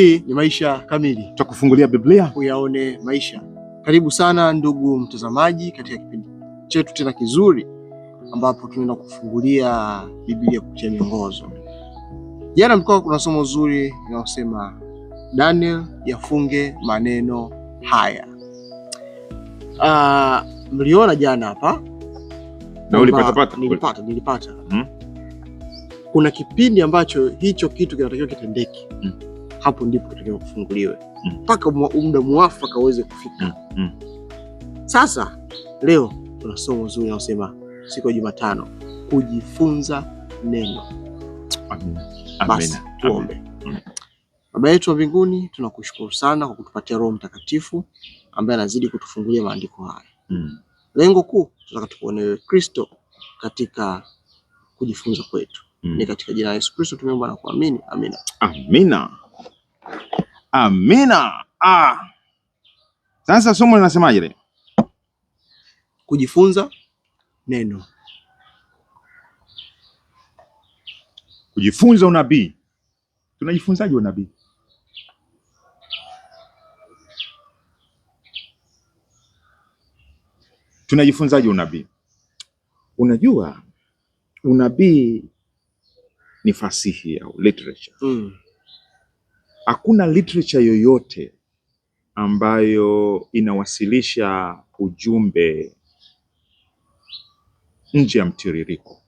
Hii ni Maisha Kamili, tutakufungulia Biblia uyaone maisha. Karibu sana ndugu mtazamaji, katika kipindi chetu tena kizuri ambapo tunaenda kufungulia Biblia kupitia miongozo. Jana mlikuwa kuna somo zuri linalosema Daniel yafunge maneno haya. Uh, mliona jana hapa na ulipata pata, nilipata nilipata, hmm? Kuna kipindi ambacho hicho kitu kinatakiwa kitendeke, hmm hapo ndipo tutakiwa kufunguliwe mm. mpaka mm. muda mwafaka uweze kufika mm, mm. Sasa leo tuna somo zuri naosema siku ya Jumatano kujifunza neno. Amina. Basi tuombe. Mm. Baba yetu wa mbinguni, tunakushukuru sana kwa kutupatia Roho Mtakatifu ambaye anazidi kutufungulia maandiko haya mm. Lengo kuu tunataka tukuone wewe Kristo katika kujifunza kwetu mm. Ni katika jina la Yesu Kristo tumeomba na kuamini, amina, amina. Amina. Ah. Sasa somo linasemaje leo? Kujifunza neno. Kujifunza unabii. Tunajifunzaje unabii? Tunajifunzaje unabii? Unajua unabii ni fasihi au literature. Mm. Hakuna literature yoyote ambayo inawasilisha ujumbe nje ya mtiririko.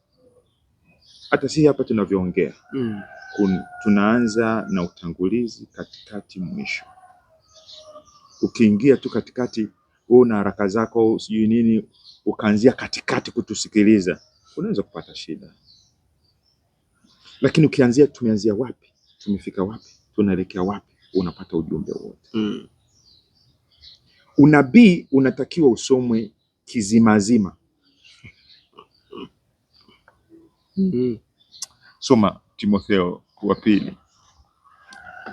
Hata sisi hapa tunavyoongea mm. tunaanza na utangulizi, katikati, mwisho. Ukiingia tu katikati, wewe una haraka zako, sijui nini, ukaanzia katikati kutusikiliza, unaweza kupata shida. Lakini ukianzia tumeanzia wapi, tumefika wapi tunaelekea wapi, unapata ujumbe wote mm. Unabii unatakiwa usomwe kizimazima mm. Soma Timotheo wa pili,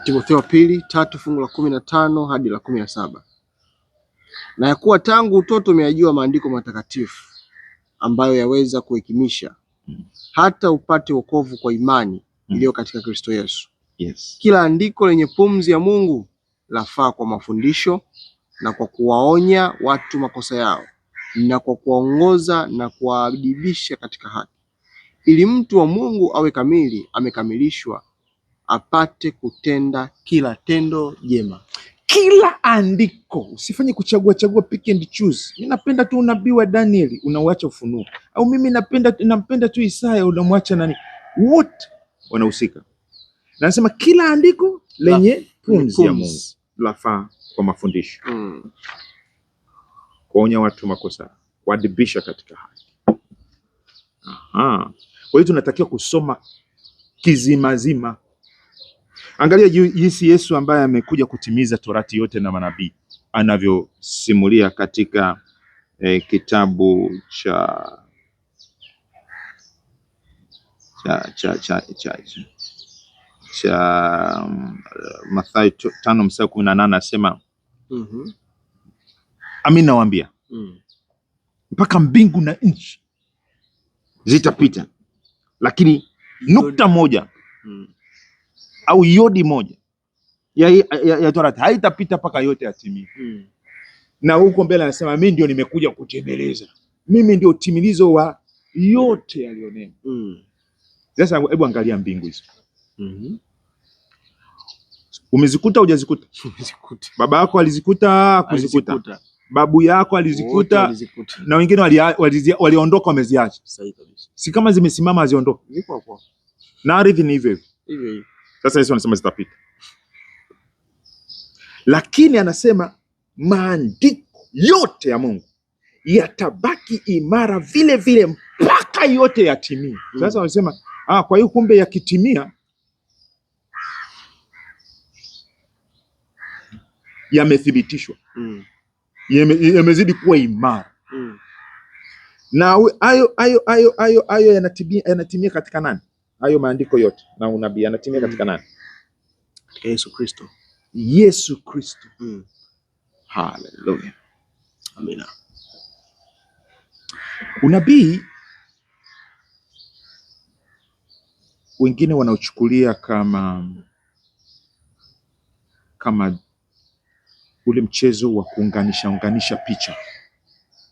Timotheo wa pili tatu fungu la kumi na tano hadi la kumi na saba na ya kuwa tangu utoto umeajua maandiko matakatifu ambayo yaweza kuhekimisha hmm. hata upate wokovu kwa imani hmm. iliyo katika Kristo Yesu. Yes. Kila andiko lenye pumzi ya Mungu lafaa kwa mafundisho na kwa kuwaonya watu makosa yao na kwa kuwaongoza na kuwaadibisha katika haki, ili mtu wa Mungu awe kamili, amekamilishwa, apate kutenda kila tendo jema. Kila andiko usifanye kuchagua chagua, pick and choose. Mimi napenda tu unabii wa Danieli unauacha Ufunuo, au mimi napenda, napenda tu Isaya unamwacha nani? Wote wanahusika na anasema kila andiko lenye pumzi ya Mungu lafaa kwa mafundisho mm. kuonya watu makosa, kuadibisha katika haki. Aha. Kwa hiyo tunatakiwa kusoma kizimazima. Angalia jinsi Yesu ambaye amekuja kutimiza torati yote na manabii anavyosimulia katika eh, kitabu cha cha cha cha, cha, cha cha um, Mathayo tano mstari kumi na nane anasema mm -hmm. Amin, nawaambia mm. mpaka mbingu na nchi zitapita, lakini nukta moja mm. au yodi moja ya, ya, ya, Torati haitapita mpaka yote yatimie. mm. na huko mbele anasema mimi ndio nimekuja kutembeleza, mimi ndio utimilizo wa yote yaliyonena. Mm. Sasa hebu angalia mbingu hizo hmm Umezikuta hujazikuta? Umezikuta. Baba yako alizikuta kuzikuta, babu yako alizikuta, na wengine waliondoka wameziacha. Sahihi kabisa. Si kama zimesimama haziondoka. Na ardhi ni hivyo hivyo. Sasa Yesu anasema zitapita, lakini anasema maandiko yote ya Mungu yatabaki imara vile vile mpaka yote yatimie. Mm. Sasa wanasema ah, kwa hiyo kumbe yakitimia yamethibitishwa mm. yamezidi kuwa imara mm. na hayo hayo hayo hayo hayo yanatimia yanatimia katika nani? Hayo maandiko yote na unabii yanatimia mm. katika nani? Yesu Kristo. Yesu Kristo. Mm. Haleluya. Amina. Unabii wengine wanaochukulia kama kama ule mchezo wa kuunganisha unganisha picha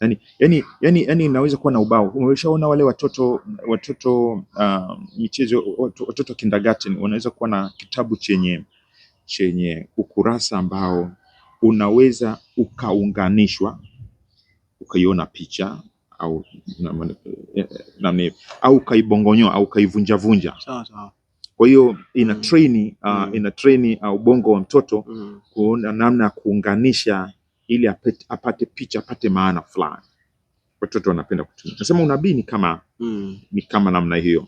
yani, yani, yani, yani inaweza kuwa na ubao. Umeshaona wale watoto watoto uh, michezo watoto, watoto kindergarten wanaweza kuwa na kitabu chenye chenye ukurasa ambao unaweza ukaunganishwa ukaiona picha au na, na, na, na, au ukaibongonyoa au ukaivunjavunja sawa sawa kwa hiyo ina mm. train uh, mm. ina train uh, ubongo wa mtoto mm. kuona namna ya kuunganisha ili apate, apate picha apate maana fulani. Watoto wanapenda kutumia. Nasema unabii ni kama ni kama namna hiyo,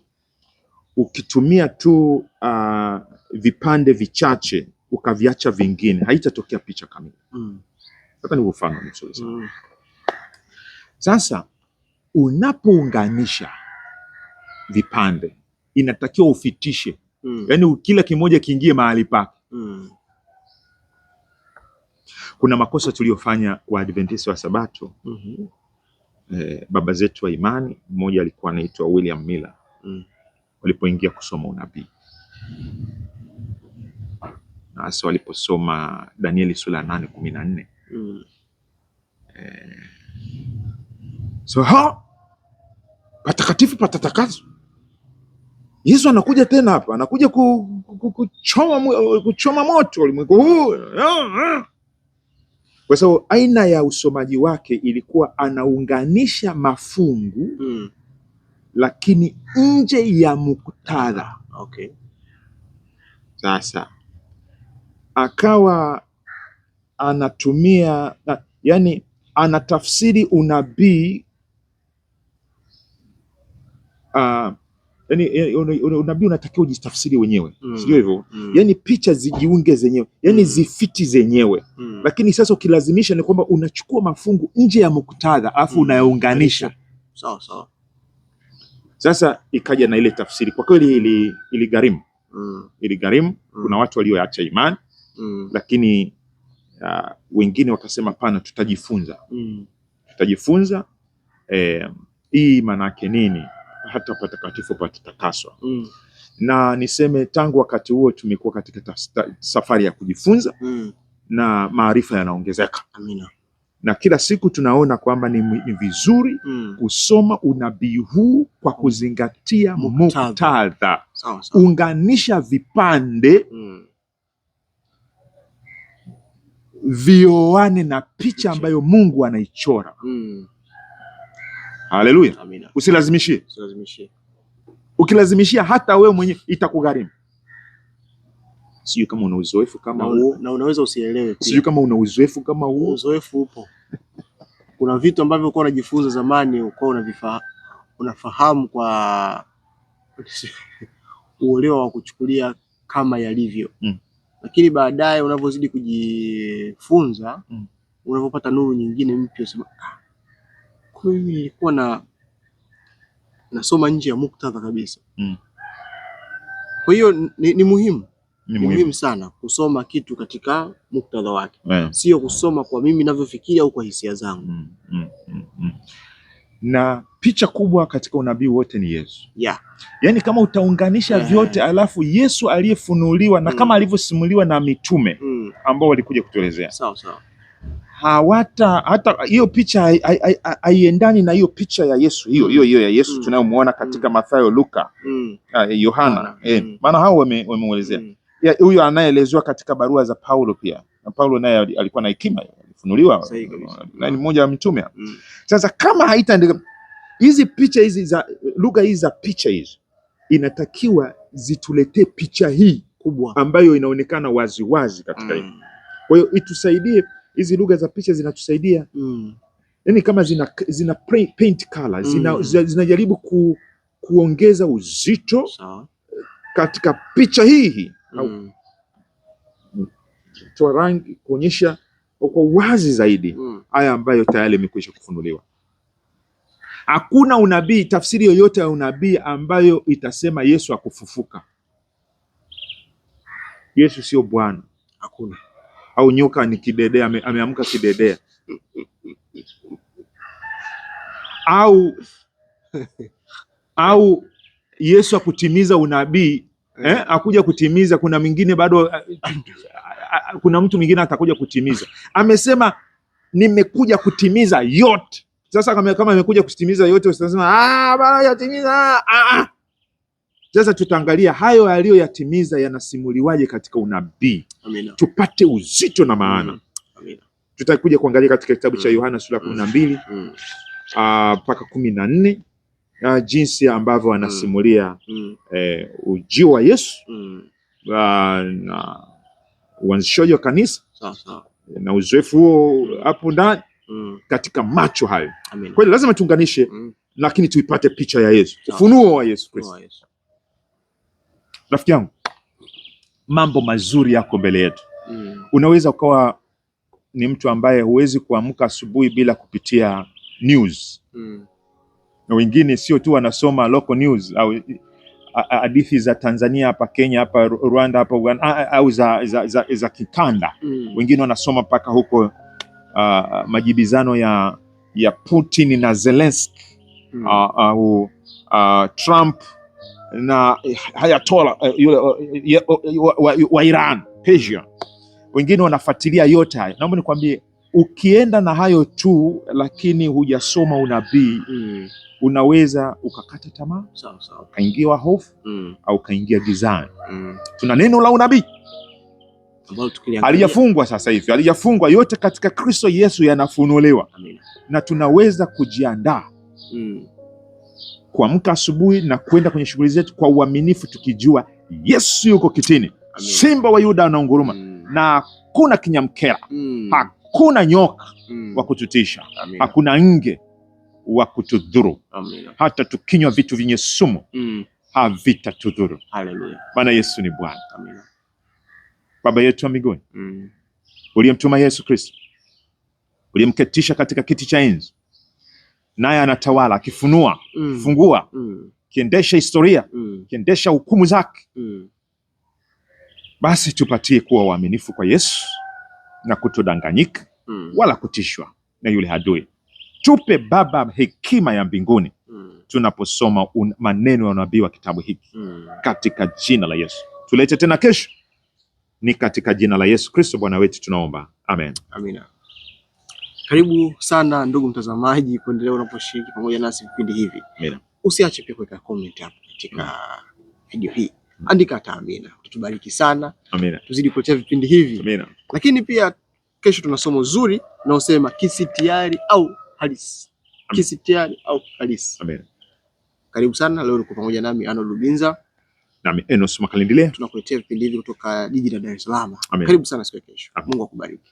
ukitumia tu uh, vipande vichache ukaviacha vingine, haitatokea picha kamili Sasa ni mfano mzuri mm. Sasa unapounganisha vipande inatakiwa ufitishe mm. Yaani kila kimoja kiingie mahali pake mm. Kuna makosa tuliyofanya Waadventista wa Sabato mm -hmm. Eh, baba zetu wa imani, mmoja alikuwa anaitwa William Miller mm. Walipoingia kusoma unabii na hasa waliposoma Danieli sura ya nane kumi na nne mm. eh, so ha patakatifu patatakaswa Yesu anakuja tena hapa, anakuja kuchoma kuchoma moto ulimwengu huu, kwa sababu aina ya usomaji wake ilikuwa anaunganisha mafungu hmm. lakini nje ya muktadha okay. Sasa akawa anatumia yani, anatafsiri unabii uh, yani unabii unatakiwa ujitafsiri wenyewe mm. sio hivyo mm. yani picha zijiunge zenyewe yani mm. zifiti zenyewe mm. lakini sasa ukilazimisha ni kwamba unachukua mafungu nje ya muktadha alafu mm. sawa sawa sasa ikaja na ile tafsiri kwa kweli ili iligharimu mm. iligharimu mm. kuna watu walioacha imani mm. lakini uh, wengine wakasema pana tutajifunza mm. tutajifunza eh, hii maana yake nini hata patakatifu patatakaswa. mm. Na niseme tangu wakati huo tumekuwa katika safari ya kujifunza mm. na maarifa yanaongezeka. Amina. Na kila siku tunaona kwamba ni, ni vizuri mm. kusoma unabii huu kwa kuzingatia muktadha, unganisha vipande mm. vioane na picha ambayo Mungu anaichora mm. Haleluya. Usilazimishie, usilazimishie. Ukilazimishia hata wewe mwenyewe itakugharimu. Sijui kama una uzoefu kama huo, na unaweza usielewe pia. Sijui kama una uzoefu kama huo. Uzoefu upo. Kuna vitu ambavyo ulikuwa unajifunza zamani, ulikuwa unavifahamu, unafahamu kwa uelewa wa kuchukulia kama yalivyo mm. Lakini baadaye unavyozidi kujifunza mm. unavyopata nuru nyingine mpya, usema ah kwa hiyo mimi nilikuwa na nasoma nje ya muktadha kabisa mm. Kwa hiyo ni, ni muhimu ni muhimu sana kusoma kitu katika muktadha wake yeah. Sio kusoma kwa mimi ninavyofikiria au kwa hisia zangu mm, mm. Mm. Mm. Na picha kubwa katika unabii wote ni Yesu yeah. Yaani kama utaunganisha yeah. vyote alafu Yesu aliyefunuliwa na mm. kama alivyosimuliwa na mitume mm. ambao walikuja kutuelezea sawa sawa hawata hata hiyo picha haiendani na hiyo picha ya Yesu hiyo hiyo hiyo ya Yesu mm. tunayomwona katika mm. Mathayo, Luka, mm. Ah, eh, Yohana mm. eh, mm. maana hao wamemuelezea mm. huyo anayeelezewa katika barua za Paulo pia, na Paulo naye alikuwa na hekima, alifunuliwa na ni mmoja wa mitume. Mm. Sasa kama haitaandika hizi picha hizi za lugha hizi za picha hizi, inatakiwa zituletee picha hii kubwa ambayo inaonekana waziwazi wazi katika hii. Kwa hiyo itusaidie hizi lugha za picha zinatusaidia mm. Yani kama zina, zina paint color, zina, mm. zinajaribu ku, kuongeza uzito Sao. katika picha hii mm. toa rangi kuonyesha kwa wazi zaidi mm. haya mm. ambayo tayari imekwisha kufunuliwa. Hakuna unabii, tafsiri yoyote ya unabii ambayo itasema Yesu akufufuka. Yesu sio Bwana, hakuna au nyoka ni kidedea, ameamka kidedea au au Yesu akutimiza unabii eh, eh, akuja kutimiza. Kuna mwingine bado, eh, kuna mtu mwingine atakuja kutimiza. Amesema nimekuja kutimiza yote. Sasa kama amekuja kutimiza yote, usitasema ah, bana yatimiza ah, ah. Sasa tutaangalia hayo aliyoyatimiza yanasimuliwaje katika unabii, tupate uzito na maana. Mm. Tutakuja kuangalia katika kitabu cha mm. Yohana sura kumi na mm. mbili ah, mpaka kumi na nne ah, jinsi ambavyo anasimulia eh, ujio wa Yesu ah, na uanzishaji wa kanisa na uzoefu huo hapo ndani mm. katika macho hayo. Kwa hiyo lazima tuunganishe mm. lakini tuipate picha ya Yesu, ufunuo wa Yesu Kristo. Rafiki yangu, mambo mazuri yako mbele yetu mm. Unaweza ukawa ni mtu ambaye huwezi kuamka asubuhi bila kupitia news mm. Na wengine sio tu wanasoma local news au hadithi za Tanzania hapa Kenya hapa Rwanda hapa Uganda au za, za, za, za kikanda mm. Wengine wanasoma mpaka huko uh, majibizano ya ya Putin na Zelensky mm. uh, uh, uh, Trump na eh, Hayatola eh, yule eh, wa Iran, Persia. Wengine wanafuatilia yote haya. Naomba nikwambie, ukienda na hayo tu, lakini hujasoma unabii mm. unaweza ukakata tamaa, ukaingiwa hofu mm. au ukaingia gizani mm. tuna neno la unabii alijafungwa sasa hivi, alijafungwa yote katika Kristo Yesu yanafunuliwa, na tunaweza kujiandaa mm kuamka asubuhi na kwenda kwenye shughuli zetu kwa uaminifu, tukijua Yesu yuko kitini. Amen. Simba wa Yuda anaunguruma mm. na hakuna kinyamkera mm. hakuna nyoka mm. wa kututisha Amen. hakuna nge wa kutudhuru hata tukinywa vitu vyenye sumu mm. havitatudhuru. Maana Yesu ni Bwana. Baba yetu wa mbinguni mm. uliyemtuma Yesu Kristo, uliyemketisha katika kiti cha enzi naye anatawala akifunua mm. fungua mm. kiendesha historia mm. kiendesha hukumu zake mm. Basi tupatie kuwa waaminifu kwa Yesu na kutodanganyika mm. wala kutishwa na yule adui. Tupe Baba hekima ya mbinguni mm. tunaposoma maneno ya unabii wa kitabu hiki mm. katika jina la Yesu. Tulete tena kesho, ni katika jina la Yesu Kristo Bwana wetu tunaomba, amen, amina. Karibu sana ndugu mtazamaji, kuendelea unaposhiriki pamoja nasi vipindi hivi. Usiache pia kuweka comment hapo katika video hii, andika hata amina, tutubariki sana amina. Tuzidi kuletea vipindi hivi amina. Lakini pia kesho tuna somo zuri na usema kisi tayari au halisi, Kisi tayari au halisi amina. Karibu sana, leo uko pamoja nami Ano Lubinza nami Enos Makalindile, tunakuletea vipindi hivi kutoka jiji la Dar es Salaam. Karibu sana siku ya kesho, Mungu akubariki.